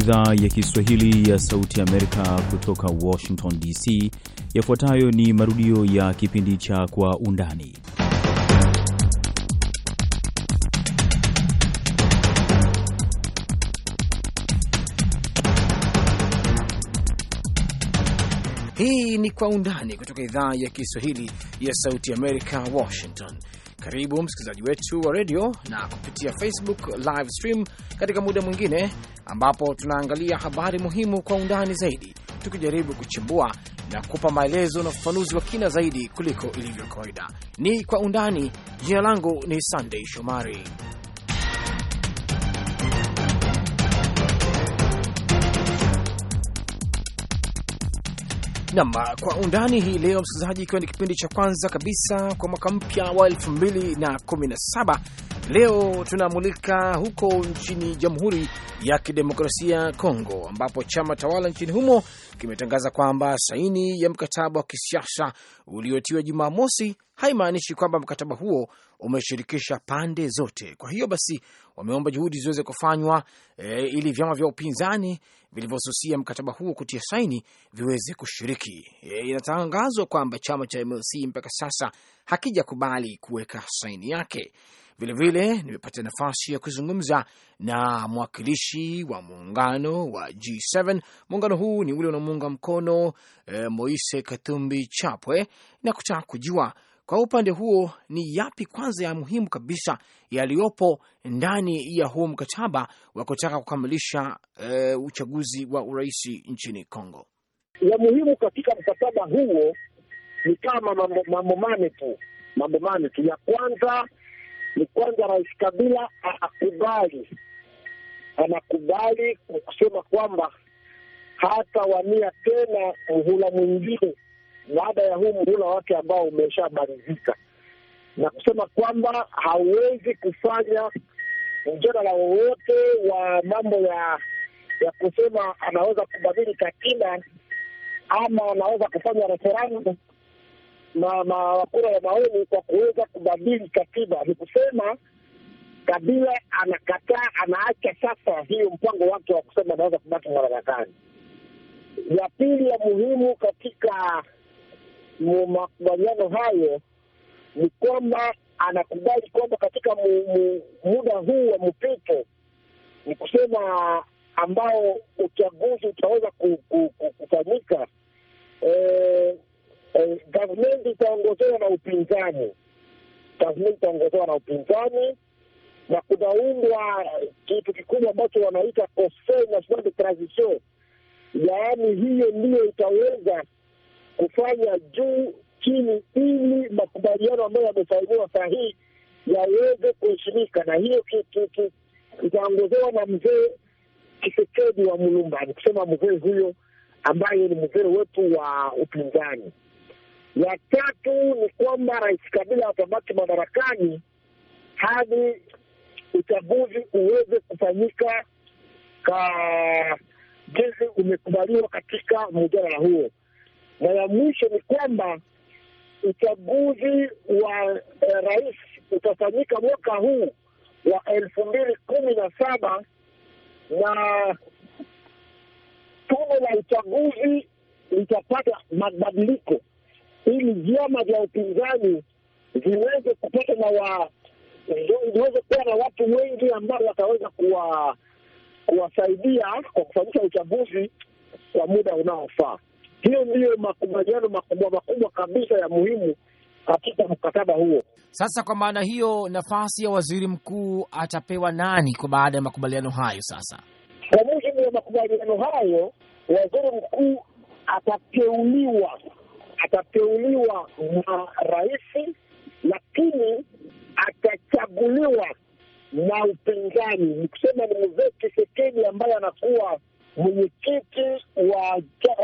idhaa ya Kiswahili ya Sauti ya Amerika kutoka Washington DC. Yafuatayo ni marudio ya kipindi cha Kwa Undani. Hii ni Kwa Undani kutoka idhaa ya Kiswahili ya Sauti ya Amerika, Washington. Karibu msikilizaji wetu wa redio na kupitia Facebook live stream katika muda mwingine ambapo tunaangalia habari muhimu kwa undani zaidi, tukijaribu kuchimbua na kupa maelezo na ufafanuzi wa kina zaidi kuliko ilivyo kawaida. Ni kwa undani. Jina langu ni Sunday Shomari. Nam kwa undani hii leo, msikilizaji, ikiwa ni kipindi cha kwanza kabisa kwa mwaka mpya wa 217 leo tunamulika huko nchini Jamhuri ya Kidemokrasia ya Kongo, ambapo chama tawala nchini humo kimetangaza kwamba saini ya mkataba wa kisiasa uliotiwa Jumaa mosi haimaanishi kwamba mkataba huo umeshirikisha pande zote. Kwa hiyo basi wameomba juhudi ziweze kufanywa e, ili vyama vya upinzani vilivyosusia mkataba huo kutia saini viweze kushiriki. E, inatangazwa kwamba chama cha MLC mpaka sasa hakijakubali kuweka saini yake. Vilevile nimepata nafasi ya kuzungumza na mwakilishi wa muungano wa G7. Muungano huu ni ule unamuunga mkono e, Moise Katumbi Chapwe na kutaka kujua kwa upande huo, ni yapi kwanza ya muhimu kabisa yaliyopo ndani ya huu mkataba wa kutaka kukamilisha e, uchaguzi wa urais nchini Kongo? Ya muhimu katika mkataba huo ni kama mambo, mambo mane tu mambo mane tu. Ya kwanza ni kwanza, Rais Kabila anakubali anakubali kusema kwamba wania tena muhula mwingine baada ya huu muhula wake ambao umeshamalizika, na kusema kwamba hauwezi kufanya mjadala wowote wa mambo ya ya kusema anaweza kubadili katiba ama anaweza kufanya referendum na makura ya maoni kwa kuweza kubadili katiba. Ni kusema Kabila anakataa, anaacha sasa hiyo mpango wake wa kusema anaweza kubaki madarakani. Ya pili ya muhimu katika makubaliano hayo ni kwamba anakubali kwamba katika mu, mu, muda huu wa mpito ni kusema ambao uchaguzi utaweza kufanyika e, e, itaongozewa na upinzani, gavumenti itaongozewa na upinzani na kunaundwa kitu kikubwa ambacho wanaita Conseil National de Transition, yaani hiyo ndiyo itaweza kufanya juu chini, ili makubaliano ambayo yamesainiwa sahihi yaweze kuheshimika, na hiyo kitu kitaongozewa na mzee Kisekedi wa Mulumba, ni kusema mzee huyo ambaye ni mzee wetu wa upinzani. Ya tatu ni kwamba Rais Kabila atabaki madarakani hadi uchaguzi uweze kufanyika ka jinsi umekubaliwa katika mjadala huo. Na ya mwisho ni kwamba uchaguzi wa eh, rais utafanyika mwaka huu wa elfu mbili kumi na saba na tume la uchaguzi litapata mabadiliko ili vyama vya upinzani viweze kupata na wa viweze kuwa na watu wengi ambao wataweza kuwa kuwasaidia kwa kufanyisha uchaguzi kwa muda unaofaa. Hiyo ndiyo makubaliano makubwa makubwa kabisa ya muhimu katika mkataba huo. Sasa kwa maana hiyo, nafasi ya waziri mkuu atapewa nani kwa baada ya makubaliano hayo? Sasa kwa mujibu wa makubaliano hayo, waziri mkuu atateuliwa atateuliwa na rais, lakini atachaguliwa na upinzani, ni kusema ni mzee Tshisekedi ambaye anakuwa mwenyekiti wa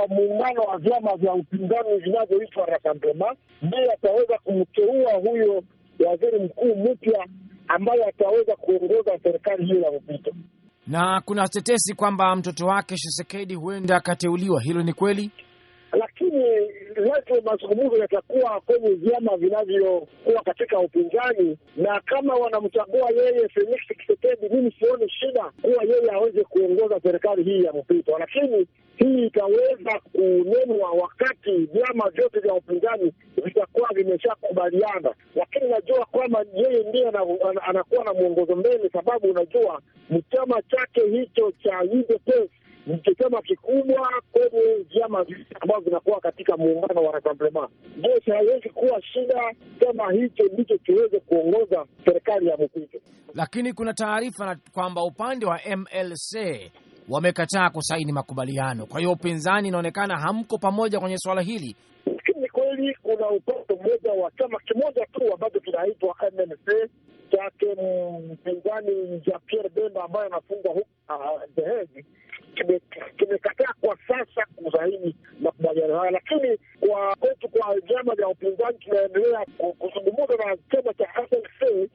muungano wa vyama vya upinzani vinavyoitwa Rassemblement, ndiye ataweza kumteua huyo waziri mkuu mpya ambaye ataweza kuongoza serikali hiyo ya mpito. Na kuna tetesi kwamba mtoto wake Tshisekedi huenda akateuliwa, hilo ni kweli? lakini lazima mazungumzo yatakuwa kwenye vyama vinavyokuwa katika upinzani, na kama wanamchagua yeye Felix Tshisekedi, mimi sioni shida kuwa yeye aweze kuongoza serikali hii ya mpito, lakini hii itaweza kunenwa wakati vyama vyote vya upinzani vitakuwa vimeshakubaliana. Lakini najua kwamba yeye ndiye anakuwa na mwongozo mbele, sababu unajua chama chake hicho cha UDPS ni chama kikubwa kwenye vyama ambavyo vinakuwa katika muungano wa Rassemblement. Je, haiwezi kuwa shida kama hicho ndicho kiweze kuongoza serikali ya mpito? Lakini kuna taarifa kwamba upande wa MLC wamekataa kusaini makubaliano, kwa hiyo upinzani inaonekana hamko pamoja kwenye suala hili. Lakini kweli kuna upande mmoja wa chama kimoja tu ambacho kinaitwa MLC chake mpinzani Jean Pierre Bemba ambaye anafungwa huko ah, Dehezi uh, kimekataa kwa sasa kusaini makubaliano haya, lakini kwa kwetu, kwa vyama vya upinzani, tunaendelea kuzungumuza na chama cha FLC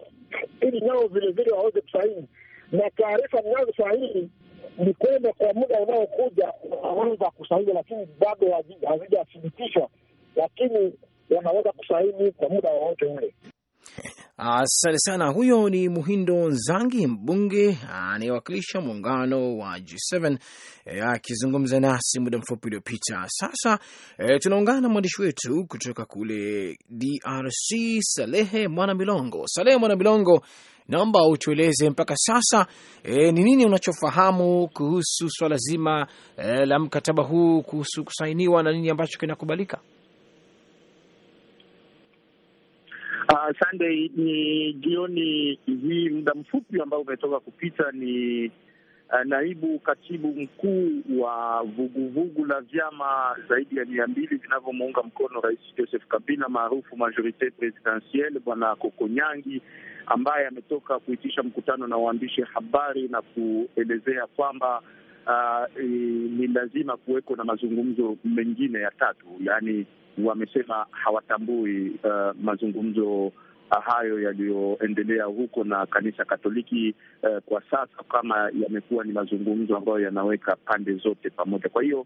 ili nao vilevile waweze kusaini, na taarifa ninazo sahihi ni kwamba kwa muda unaokuja wanaweza kusaini, lakini bado hazijathibitishwa, lakini wanaweza kusaini kwa muda wowote ule. Asante sana. Huyo ni Muhindo Nzangi, mbunge anayewakilisha muungano wa G7 eh, akizungumza nasi muda mfupi uliopita. Sasa e, tunaungana na mwandishi wetu kutoka kule DRC, Salehe Mwana Milongo. Salehe Mwana Milongo, naomba utueleze mpaka sasa eh, ni nini unachofahamu kuhusu swala zima e, la mkataba huu kuhusu kusainiwa na nini ambacho kinakubalika? Uh, Sunday ni jioni hii, muda mfupi ambao umetoka kupita, ni uh, naibu katibu mkuu wa vuguvugu la vyama zaidi ya mia mbili vinavyomuunga mkono Rais Joseph Kabila maarufu Majorite Presidentielle, Bwana Kokonyangi ambaye ametoka kuitisha mkutano na waandishi habari na kuelezea kwamba uh, ni lazima kuweko na mazungumzo mengine ya tatu, yaani wamesema hawatambui uh, mazungumzo uh, hayo yaliyoendelea huko na kanisa Katoliki uh, kwa sasa kama yamekuwa ni mazungumzo ambayo yanaweka pande zote pamoja. Kwa hiyo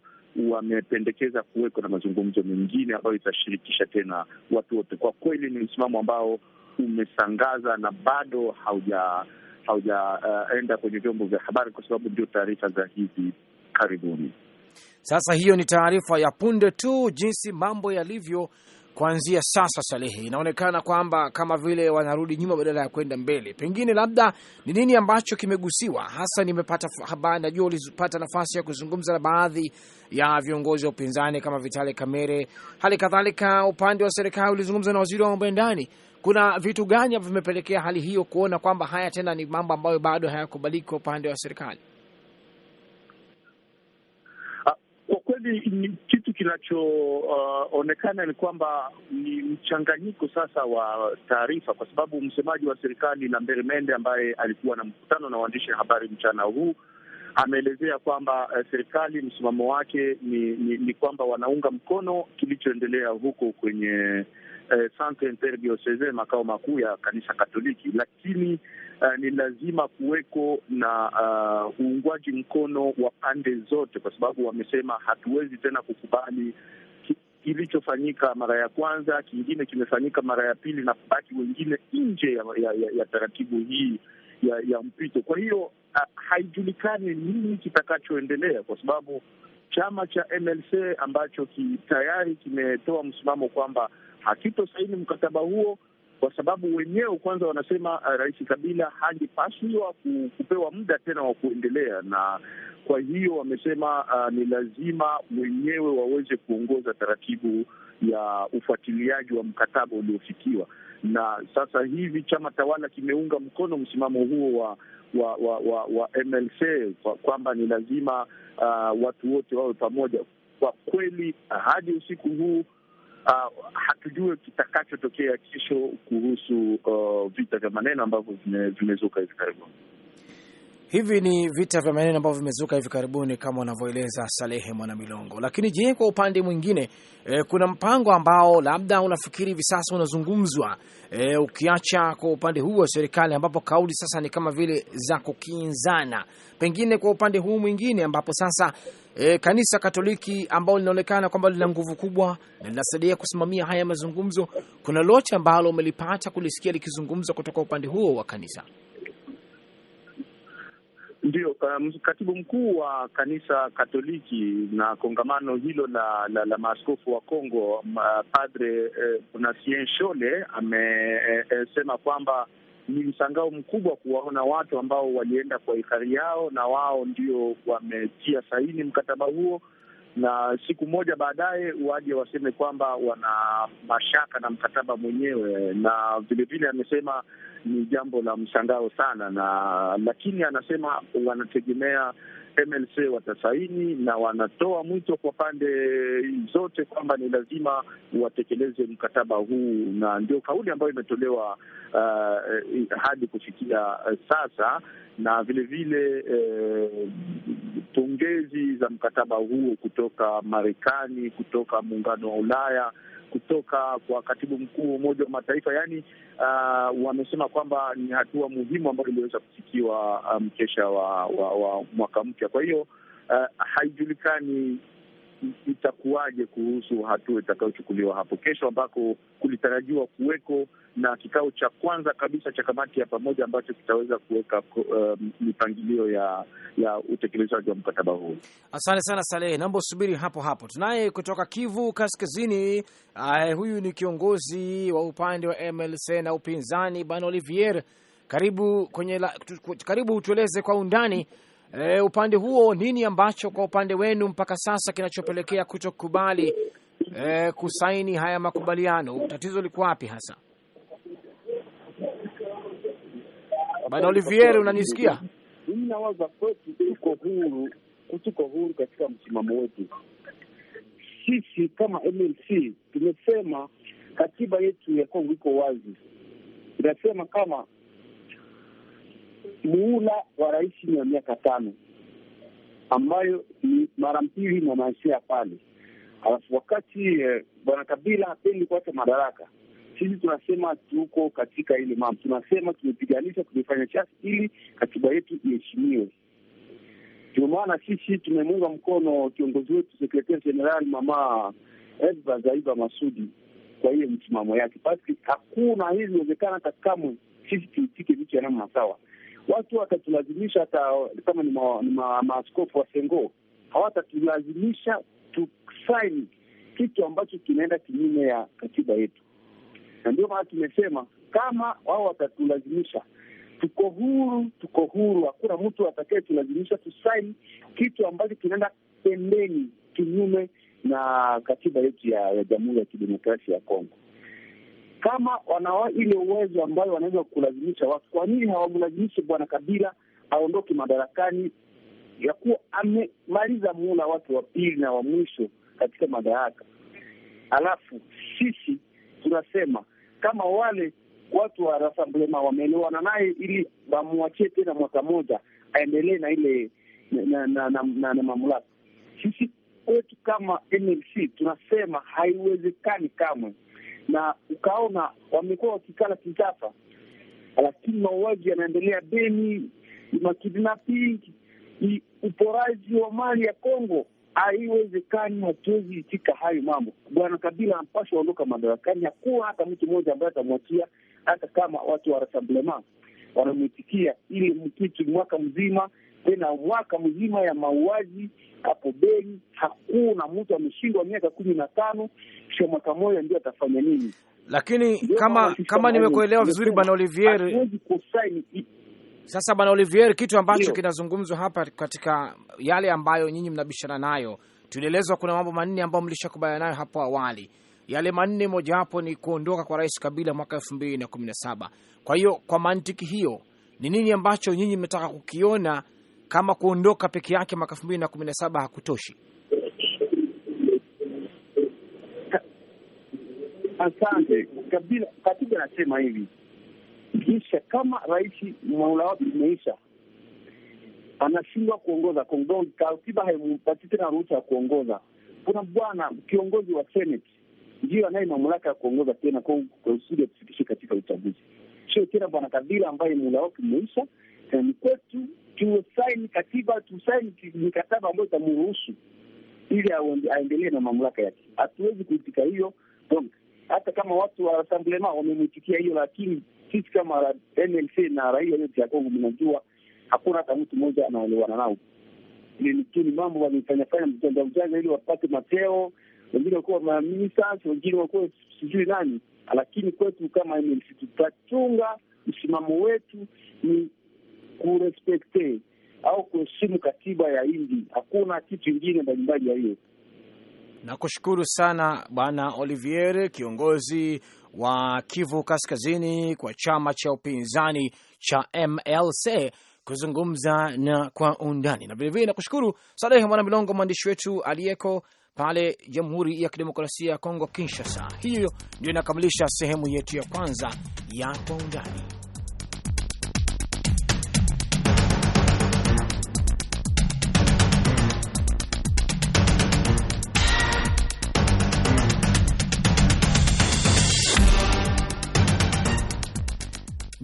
wamependekeza kuweko na mazungumzo mengine ambayo itashirikisha tena watu wote. Kwa kweli ni msimamo ambao umesangaza na bado hauja haujaenda uh, kwenye vyombo vya habari kwa sababu ndio taarifa za hivi karibuni. Sasa hiyo ni taarifa ya punde tu, jinsi mambo yalivyo kuanzia sasa. Salehi, inaonekana kwamba kama vile wanarudi nyuma badala ya kwenda mbele. Pengine labda ni nini ambacho kimegusiwa hasa? Nimepata habari, najua ulipata nafasi ya kuzungumza na baadhi ya viongozi wa upinzani kama Vitali Kamere, hali kadhalika upande wa serikali ulizungumza na waziri wa mambo ya ndani. Kuna vitu gani ambavyo vimepelekea hali hiyo, kuona kwamba haya tena ni mambo ambayo bado hayakubaliki kwa upande wa serikali? kweli kitu kinachoonekana uh, ni kwamba ni mchanganyiko sasa wa taarifa, kwa sababu msemaji wa serikali Lambert Mende ambaye alikuwa na mkutano na waandishi habari mchana huu ameelezea kwamba uh, serikali msimamo wake ni, ni, ni kwamba wanaunga mkono kilichoendelea huko kwenye uh, Centre makao makuu ya kanisa Katoliki, lakini uh, ni lazima kuweko na uh, uungwaji mkono wa pande zote, kwa sababu wamesema hatuwezi tena kukubali kilichofanyika mara ya kwanza, kingine kimefanyika mara ya pili na kubaki wengine nje ya, ya, ya, ya taratibu hii ya, ya mpito. Kwa hiyo uh, haijulikani nini kitakachoendelea kwa sababu chama cha MLC ambacho ki tayari kimetoa msimamo kwamba hakitosaini mkataba huo kwa sababu wenyewe kwanza wanasema uh, Rais Kabila hangepaswa kupewa muda tena wa kuendelea na kwa hiyo wamesema uh, ni lazima wenyewe waweze kuongoza taratibu ya ufuatiliaji wa mkataba uliofikiwa. Na sasa hivi chama tawala kimeunga mkono msimamo huo wa wa wa, wa, wa MLC kwamba kwa ni lazima uh, watu wote wawe pamoja. Kwa kweli hadi usiku huu uh, ah, hatujue kitakachotokea kesho kuhusu uh, vita vya maneno ambavyo vimezuka hivi karibuni. Hivi ni vita vya maneno ambavyo vimezuka hivi karibuni kama wanavyoeleza Salehe Mwanamilongo. Lakini je, kwa upande mwingine e, kuna mpango ambao labda unafikiri hivi sasa unazungumzwa e, ukiacha kwa upande huu wa serikali ambapo kauli sasa ni kama vile za kukinzana, pengine kwa upande huu mwingine ambapo sasa e, kanisa Katoliki ambalo linaonekana kwamba lina nguvu kubwa na linasaidia kusimamia haya mazungumzo, kuna lote ambalo umelipata kulisikia likizungumzwa kutoka upande huo wa kanisa? Ndio, um, katibu mkuu wa kanisa Katoliki na kongamano hilo la la, la maaskofu wa Kongo, padre eh, Bonasien Shole amesema eh, eh kwamba ni mshangao mkubwa kuwaona watu ambao walienda kwa hifadhi yao na wao ndio wametia saini mkataba huo, na siku moja baadaye waje waseme kwamba wana mashaka na mkataba mwenyewe. Na vilevile amesema ni jambo la mshangao sana, na lakini anasema wanategemea MLC watasaini na wanatoa mwito kwa pande zote kwamba ni lazima watekeleze mkataba huu, na ndio kauli ambayo imetolewa uh, hadi kufikia sasa, na vilevile uh, pongezi za mkataba huo kutoka Marekani, kutoka muungano wa Ulaya kutoka kwa katibu mkuu wa Umoja wa Mataifa. Yaani uh, wamesema kwamba ni hatua muhimu ambayo iliweza kufikiwa mkesha um, wa, wa, wa mwaka mpya. Kwa hiyo uh, haijulikani itakuwaje kuhusu hatua itakayochukuliwa hapo kesho, ambako kulitarajiwa kuweko na kikao cha kwanza kabisa cha kamati ya pamoja ambacho kitaweza kuweka mipangilio um, mipangilio ya ya utekelezaji wa mkataba huu. Asante sana Salehe, naomba usubiri hapo hapo. Tunaye kutoka Kivu Kaskazini. Uh, huyu ni kiongozi wa upande wa MLC na upinzani Bwana Olivier, karibu kwenye la, karibu utueleze kwa undani e, upande huo nini ambacho kwa upande wenu mpaka sasa kinachopelekea kutokubali e, kusaini haya makubaliano? Tatizo liko wapi hasa? Bwana Olivier, unanisikia? Mimi nawaza kwetu, tuko huru, tuko huru katika msimamo wetu. Sisi kama MLC tumesema katiba yetu ya Kongo iko wazi, inasema kama muhula wa rais ni wa miaka tano, ambayo ni mara mbili na pale. Alafu wakati eh, bwana Kabila hapendi kuacha madaraka. Sisi tunasema tuko katika ile mambo, tunasema tumepiganisha, tumefanya chasi ili katiba yetu iheshimiwe. Ndio maana sisi tumemuunga mkono kiongozi wetu sekretari jenerali mama Edba Zaiba Masudi kwa hiyo msimamo yake, basi hakuna hili inawezekana hata kamwe sisi tuitike vitu ya namna sawa watu watatulazimisha, hata kama ni maaskofu wa Sengo hawatatulazimisha tusaini kitu ambacho kinaenda kinyume ya katiba yetu, na ndio maana tumesema kama wao watatulazimisha, tuko huru, tuko huru. Hakuna mtu tulazimisha tusaini kitu ambacho kinaenda pembeni, kinyume na katiba yetu ya Jamhuri ya Kidemokrasia ya Kongo kama wana ile uwezo ambayo wanaweza kulazimisha watu, kwa nini hawamlazimishi bwana Kabila aondoke madarakani ya kuwa amemaliza muhula wake wa pili na wa mwisho katika madaraka? Alafu sisi tunasema kama wale watu wa Rasamblema wameelewana naye ili wamwachie tena mwaka moja aendelee na ile na, na, na, na, na mamlaka. Sisi kwetu kama MLC tunasema haiwezekani kamwe na ukaona wamekuwa wakikala kisasa, lakini mauaji yanaendelea Beni, makidnapping, uporaji wa mali ya Kongo. Haiwezekani, hatuwezi itika hayo mambo. Bwana Kabila anapashwa ondoka madarakani. Hakuwa hata mtu mmoja ambaye atamwachia, hata kama watu wa rassemblement wanamwitikia, ili mkitu mwaka mzima tena mwaka mzima ya mauaji hapo Beni, hakuna mtu ameshindwa miaka kumi na tano sio mwaka moja ndio atafanya nini? Lakini Deo kama kama nimekuelewa vizuri Bwana Olivier, sasa Bwana Olivier, kitu ambacho kinazungumzwa hapa katika yale ambayo nyinyi mnabishana nayo, tulielezwa kuna mambo manne ambayo mlishakubaliana nayo hapo awali yale manne, mojawapo ni kuondoka kwa Rais Kabila mwaka elfu mbili na kumi na saba. Kwa hiyo kwa mantiki hiyo, ni nini ambacho nyinyi mmetaka kukiona kama kuondoka peke yake mwaka elfu mbili na kumi na saba hakutoshi? Asante. Kabila katiba anasema hivi, kisha kama rais muhula wake umeisha anashindwa kuongoza, katiba haimpatii tena ruhusa ya kuongoza. Kuna bwana kiongozi wa seneti ndiyo anaye mamlaka ya kuongoza tena kusudi ya kufikisha katika uchaguzi, sio tena bwana Kabila ambaye muhula wake umeisha. Ni kwetu tusaini katiba, tusaini mikataba ambayo itamruhusu ili aendelee na mamlaka yake. Hatuwezi kuitika hiyo donc, hata kama watu wa Rassemblement wamemwitikia hiyo, lakini sisi kama MLC na raia yote ya Kongo mnajua hakuna hata mtu mmoja anaelewana nao. Ni mambo wamefanyafanya mjanja mjanja ili wapate mateo, wengine wakuwa maminista, wengine wakuwa sijui nani. Lakini kwetu kama MLC tutachunga msimamo wetu ni kurespekte au kuheshimu katiba ya nchi. Hakuna kitu ingine mbalimbali ya hiyo. Nakushukuru sana Bwana Olivier, kiongozi wa Kivu Kaskazini kwa chama cha upinzani cha MLC kuzungumza na kwa undani, na vilevile nakushukuru Sadehe Mwana Milongo, mwandishi wetu aliyeko pale Jamhuri ya Kidemokrasia ya Kongo, Kinshasa. Hiyo ndio inakamilisha sehemu yetu ya kwanza ya kwa undani.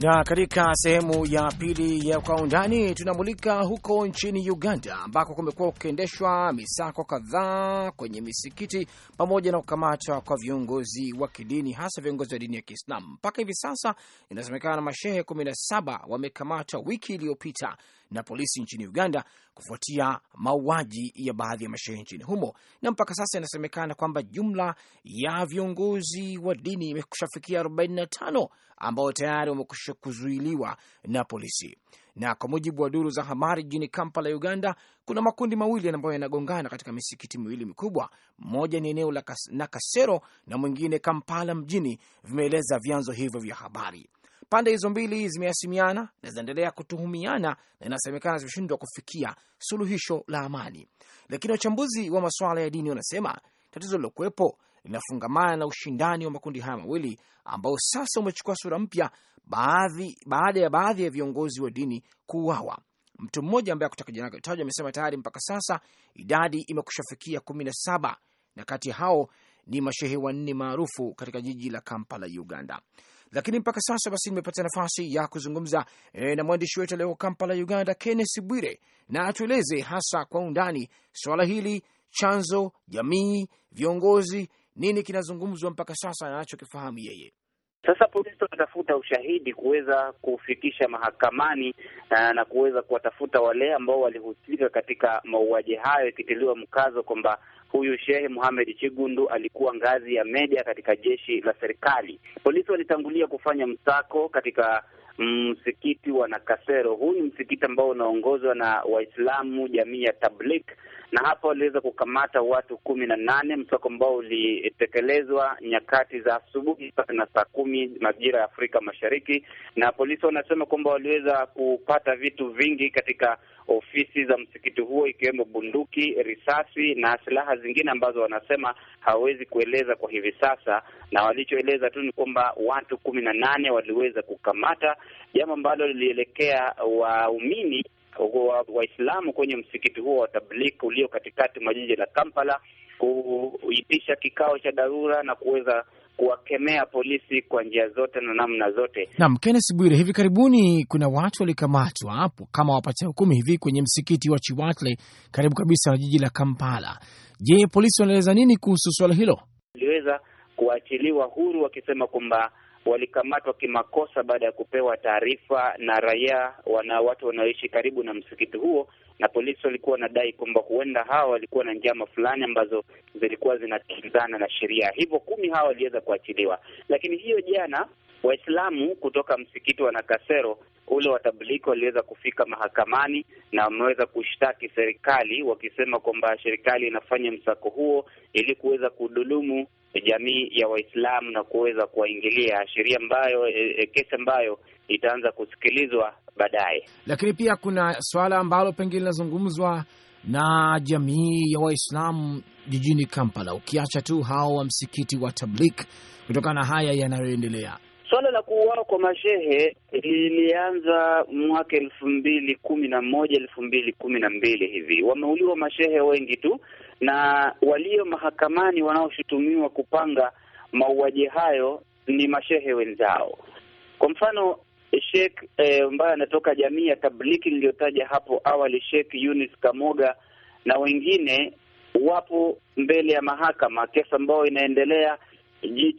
Na katika sehemu ya pili ya kwa undani tunamulika huko nchini Uganda ambako kumekuwa kukiendeshwa misako kadhaa kwenye misikiti pamoja na kukamatwa kwa viongozi wa kidini, hasa viongozi wa dini ya Kiislamu. Mpaka hivi sasa inasemekana na mashehe kumi na saba wamekamatwa wiki iliyopita na polisi nchini Uganda kufuatia mauaji ya baadhi ya mashehe nchini humo, na mpaka sasa inasemekana kwamba jumla ya viongozi wa dini imekushafikia 45 ambao tayari wamekusha kuzuiliwa na polisi. Na kwa mujibu wa duru za habari jijini Kampala Uganda, kuna makundi mawili ambayo yanagongana katika misikiti miwili mikubwa. Mmoja ni eneo la Nakasero na mwingine Kampala mjini, vimeeleza vyanzo hivyo vya habari. Pande hizo mbili zimeasimiana na zinaendelea kutuhumiana na inasemekana zimeshindwa kufikia suluhisho la amani, lakini wachambuzi wa masuala ya dini wanasema tatizo lilokuwepo linafungamana na ushindani wa makundi haya mawili ambao sasa umechukua sura mpya baada ya baadhi ya viongozi wa dini kuuawa. Mtu mmoja ambaye akutaka jina kutajwa amesema tayari mpaka sasa idadi imekushafikia kumi na saba na kati ya hao ni mashehe wanne maarufu katika jiji la Kampala, Uganda. Lakini mpaka sasa basi nimepata nafasi ya kuzungumza e, na mwandishi wetu leo Kampala, Uganda, kennes Bwire, na atueleze hasa kwa undani swala hili, chanzo, jamii, viongozi, nini kinazungumzwa mpaka sasa anachokifahamu yeye. Sasa polisi tunatafuta ushahidi kuweza kufikisha mahakamani na, kuweza kuwatafuta wale ambao walihusika katika mauaji hayo, ikitiliwa mkazo kwamba huyu Shehe muhamed Chigundu alikuwa ngazi ya meja katika jeshi la serikali. Polisi walitangulia kufanya msako katika msikiti wa Nakasero. Huu ni msikiti ambao unaongozwa na Waislamu jamii ya Tablik, na hapa waliweza kukamata watu kumi na nane, msako ambao ulitekelezwa nyakati za asubuhi na saa kumi majira ya Afrika Mashariki, na polisi wanasema kwamba waliweza kupata vitu vingi katika ofisi za msikiti huo ikiwemo bunduki, risasi na silaha zingine ambazo wanasema hawawezi kueleza kwa hivi sasa, na walichoeleza tu ni kwamba watu kumi na nane waliweza kukamata, jambo ambalo lilielekea waumini Waislamu wa kwenye msikiti huo wa Tablik ulio katikati mwa jiji la Kampala kuitisha kikao cha dharura na kuweza kuwakemea polisi kwa njia zote na namna zote. Naam, Kenneth Bwire, hivi karibuni kuna watu walikamatwa hapo kama wapatia hukumi hivi kwenye msikiti wa Chiwatle karibu kabisa na jiji la Kampala. Je, polisi wanaeleza nini kuhusu swala hilo? Waliweza kuachiliwa huru wakisema kwamba walikamatwa kimakosa baada ya kupewa taarifa na raia wana watu wanaoishi karibu na msikiti huo, na polisi walikuwa wanadai kwamba huenda hawa walikuwa na njama fulani ambazo zilikuwa zinakinzana na sheria, hivyo kumi hawa waliweza kuachiliwa. Lakini hiyo jana Waislamu kutoka msikiti wa Nakasero ule wa waliweza kufika mahakamani na wameweza kushtaki serikali wakisema kwamba serikali inafanya msako huo ili kuweza kudhulumu jamii ya Waislamu na kuweza kuwaingilia sheria ambayo e, kesi ambayo itaanza kusikilizwa baadaye. Lakini pia kuna swala ambalo pengine linazungumzwa na jamii ya Waislamu jijini Kampala, ukiacha tu hao wa msikiti wa tablik kutokana na haya yanayoendelea Swala la kuuawa kwa mashehe lilianza mwaka elfu mbili kumi na moja elfu mbili kumi na mbili hivi. Wameuliwa mashehe wengi tu, na walio mahakamani wanaoshutumiwa kupanga mauaji hayo ni mashehe wenzao. Kwa mfano Sheikh eh, ambaye anatoka jamii ya Tabliki niliyotaja hapo awali, Sheikh Yunis Kamoga na wengine wapo mbele ya mahakama, kesi ambayo inaendelea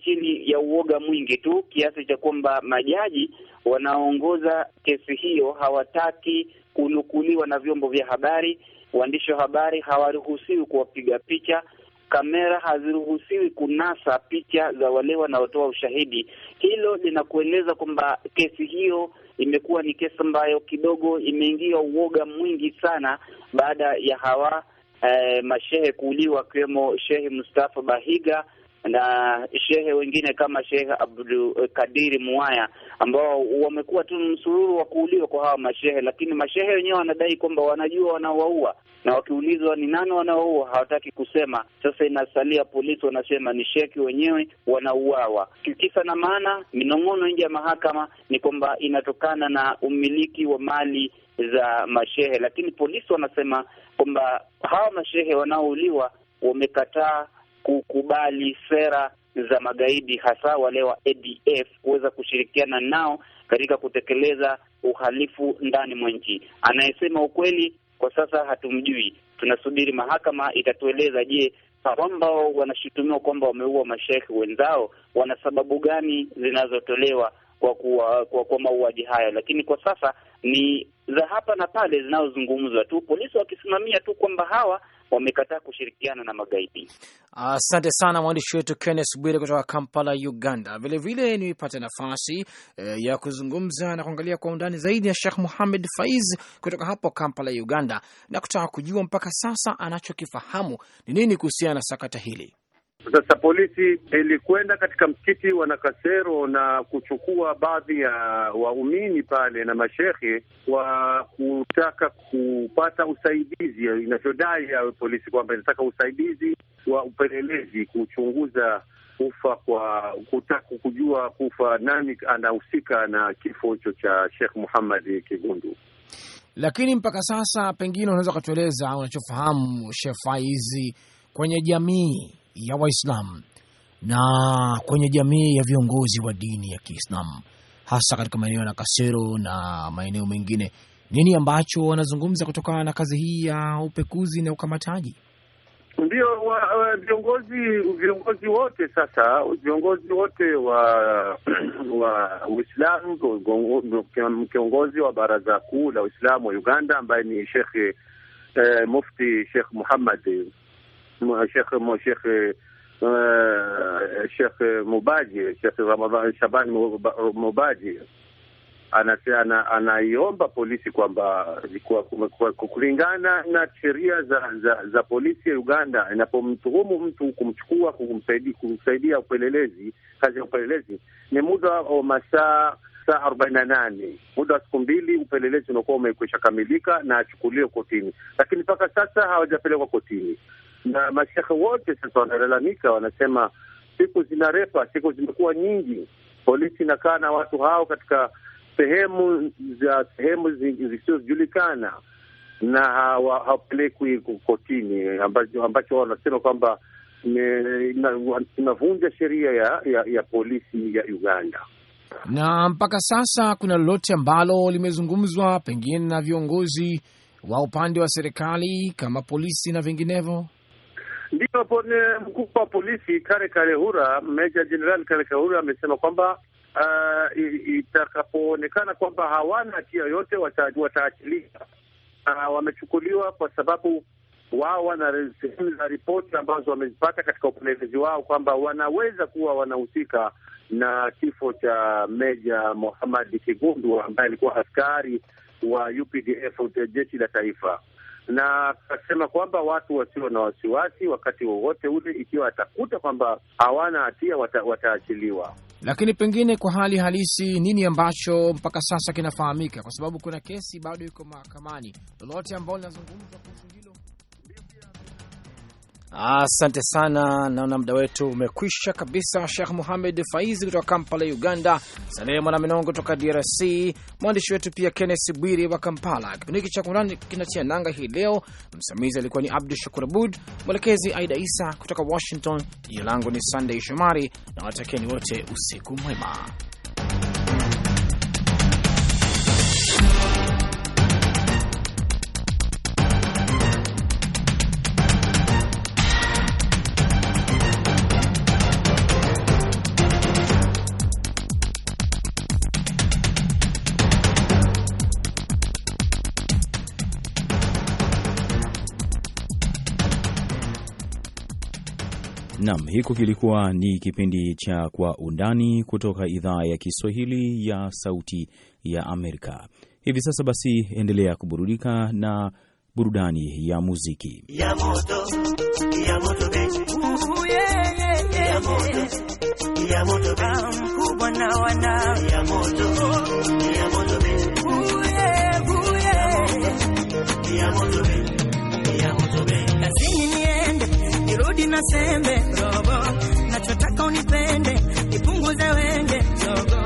chini ya uoga mwingi tu kiasi cha kwamba majaji wanaoongoza kesi hiyo hawataki kunukuliwa na vyombo vya habari. Waandishi wa habari hawaruhusiwi kuwapiga picha, kamera haziruhusiwi kunasa picha za wale wanaotoa ushahidi. Hilo linakueleza kwamba kesi hiyo imekuwa ni kesi ambayo kidogo imeingia uoga mwingi sana baada ya hawa eh, mashehe kuuliwa, akiwemo Shehe Mustafa Bahiga na shehe wengine kama Shehe Abdul eh, Kadiri Muaya ambao wamekuwa tu msururu wa kuuliwa kwa hawa mashehe, lakini mashehe wenyewe wanadai kwamba wanajua wanawaua, na wakiulizwa ni nani wanawaua hawataki kusema. Sasa inasalia polisi, wanasema ni sheki wenyewe wanauawa. Kisa na maana, minong'ono nje ya mahakama ni kwamba inatokana na umiliki wa mali za mashehe, lakini polisi wanasema kwamba hawa mashehe wanaouliwa wamekataa kukubali sera za magaidi hasa wale wa ADF kuweza kushirikiana nao katika kutekeleza uhalifu ndani mwa nchi. Anayesema ukweli kwa sasa hatumjui, tunasubiri mahakama itatueleza. Je, hawa ambao wanashutumiwa kwamba wameua mashekhi wenzao wana sababu gani zinazotolewa kwa kuwa, kwa, kwa mauaji hayo? Lakini kwa sasa ni za hapa na pale zinazozungumzwa tu, polisi wakisimamia tu kwamba hawa wamekataa kushirikiana na magaidi. Asante sana mwandishi wetu Kenneth Bwire kutoka Kampala, Uganda. Vilevile nilipata nafasi eh, ya kuzungumza na kuangalia kwa undani zaidi ya Sheikh Muhamed Faiz kutoka hapo Kampala, Uganda, na kutaka kujua mpaka sasa anachokifahamu ni nini kuhusiana na sakata hili. Sasa polisi ilikwenda katika msikiti wa Nakasero na kuchukua baadhi ya waumini pale na mashekhe kwa kutaka kupata usaidizi, inavyodai ya polisi kwamba inataka usaidizi wa upelelezi kuchunguza kufa kwa kutaka kujua kufa nani anahusika na kifo hicho cha Sheikh Muhammad Kigundu. Lakini mpaka sasa, pengine unaweza ukatueleza unachofahamu, Sheikh Faizi, kwenye jamii ya Waislamu na kwenye jamii ya viongozi wa dini ya Kiislamu, hasa katika maeneo ya Kasero na maeneo mengine, nini ambacho wanazungumza kutokana na kazi hii ya upekuzi na ukamataji? Ndio viongozi viongozi wote sasa, viongozi wote wa wa Uislamu, kiongozi wa baraza kuu la Uislamu wa Uganda ambaye ni Sheikh eh, Mufti Sheikh Muhammad Sheikh Sheikh Sheikh Mubaji Sheikh Ramadhan Shaban Mubaji ana- anaiomba polisi kwamba kulingana na sheria za, za za polisi ya Uganda inapomtuhumu mtu kumchukua kumsaidia, kumsaidia upelelezi kazi ya upelelezi ni muda wa masaa saa arobaini na nane muda wa siku mbili upelelezi unakuwa umekwisha kamilika na achukuliwe kotini, lakini mpaka sasa hawajapelekwa kotini na mashehe wote sasa wanalalamika, wanasema siku zinarepa, siku zimekuwa nyingi, polisi inakaa na watu hao katika sehemu za sehemu zisizojulikana na hawapelekwi kotini, ambacho wao wanasema kwamba inavunja sheria ya, ya, ya polisi ya Uganda. Na mpaka sasa kuna lolote ambalo limezungumzwa pengine na viongozi wa upande wa serikali kama polisi na vinginevyo? ndio Ndiyo, mkuu wa polisi Kare Karehura, meja jenerali Kare Karehura amesema kwamba uh, itakapoonekana kwamba hawana hatia yote wataachilia. Uh, wamechukuliwa kwa sababu wao wana sehemu za ripoti ambazo wamezipata katika upelelezi wao kwamba wanaweza kuwa wanahusika na kifo cha meja muhamadi kigundu ambaye alikuwa askari wa UPDF, jeshi la taifa na akasema kwamba watu wasio na wasiwasi wakati wowote ule, ikiwa atakuta kwamba hawana hatia wata, wataachiliwa. Lakini pengine kwa hali halisi, nini ambacho mpaka sasa kinafahamika? Kwa sababu kuna kesi bado iko mahakamani, lolote ambalo linazungumzwa kuhusu hilo Asante sana, naona muda wetu umekwisha kabisa. Shekh Muhamed Faizi kutoka Kampala, Uganda, Salehe Mwana Minongo kutoka DRC, mwandishi wetu pia Kennes Bwiri wa Kampala. Kipindi hiki cha kundani kinatia nanga hii leo. Msimamizi alikuwa ni Abdu Shakur Abud, mwelekezi Aida Isa kutoka Washington. Jina langu ni Sandey Shomari na watakieni wote usiku mwema. Naam, hiko kilikuwa ni kipindi cha Kwa Undani kutoka idhaa ya Kiswahili ya Sauti ya Amerika. Hivi sasa basi, endelea kuburudika na burudani ya muziki ya moto, ya moto yeah, yeah, yeah. Daudi na sembe robo, nachotaka unipende, nipunguze wenge zogo,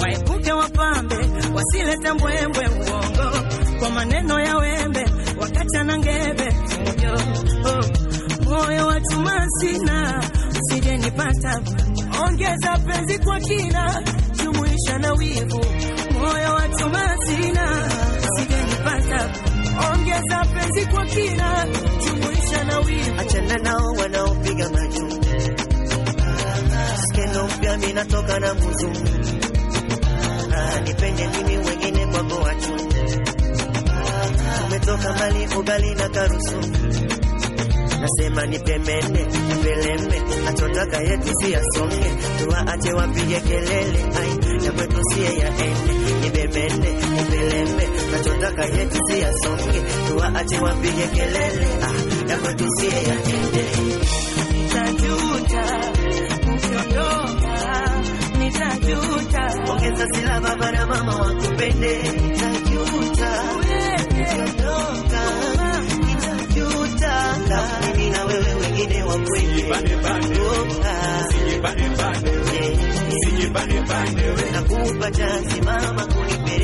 waepuke wapambe, wasilete mbwembwe uongo, kwa maneno ya wembe wakacha na ngebe ujo, oh, moyo wa chuma sina, usije nipata, ongeza penzi kwa kina, jumuisha na wivu, moyo wa chuma sina nacho skendo mpya minatoka na nguzu nipende mimi wengine kwako wacho umetoka mbali ugali na karusu nasema nipemene peleme achotaka yetu siyasonge tuwaache wapige kelele ai ya kwetu siye yaende nibebene nipeleme nachotaka yetu siyasonge tuwaache wapige kelele ah, ya kwetu siye yaende nitajuta, ukiondoka nitajuta. Ongeza silaha baba mama wakupende, nitajuta ukiondoka mwanga na wewe wengine wakwende, nakupa chansi mama kunipeleka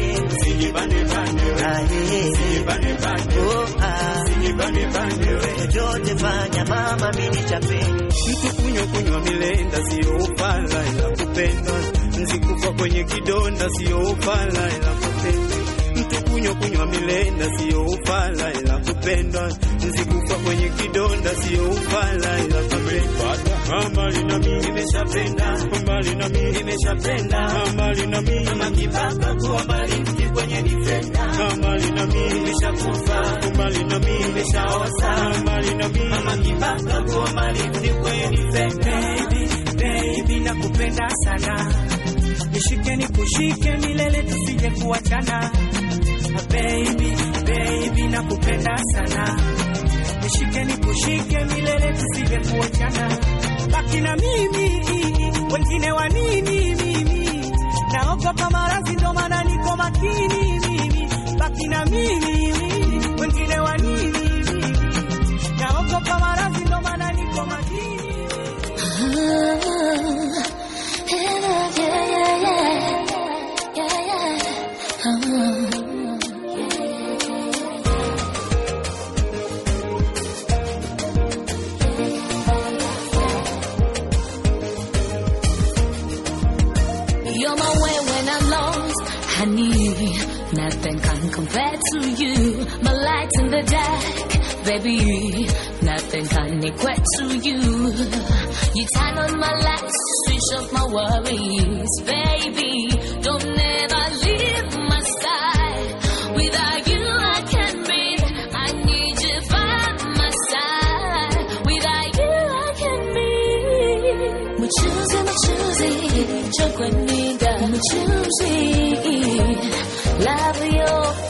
chochote fanya mama mini chape mtu kunywa milenda sio upala ila kupenda nzikufa kwenye kidonda sio upala ila kupenda mtu kunywa milenda sio upala ila kupenda nziku kwenye kidonda, sio ufala ila kupenda. Mama lina mimi nimeshapenda, mama lina mimi nimeshapenda, mama lina mimi kwa kwenye mama lina mimi nimeshakufa, mama lina mimi nimeshaosa, mama lina mimi kwa kwenye Baby baby, nakupenda sana, nishike nikushike milele, tusije kuachana. Baby baby, nakupenda sana nishike nikushike milele tusije kuachana, baki na mimi, wengine wa nini? Mimi naogopa maradhi, ndo maana niko makini mimi, baki na mimi baby. Nothing can equate to you. You turn on my lights, switch off my worries, baby. Don't ever leave my side. Without you, I can't breathe. I need you by my side. Without you, I can't breathe. We're choosing, we're choosing. Chocolate nigga, we're choosing. Love you.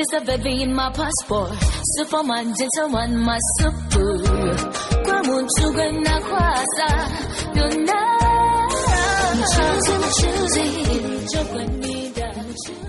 There's a baby in my passport. Superman, gentleman, my super. Kwa muntu gwe nakwasa. Byonna. Choosing, choosing. Jogwe nida.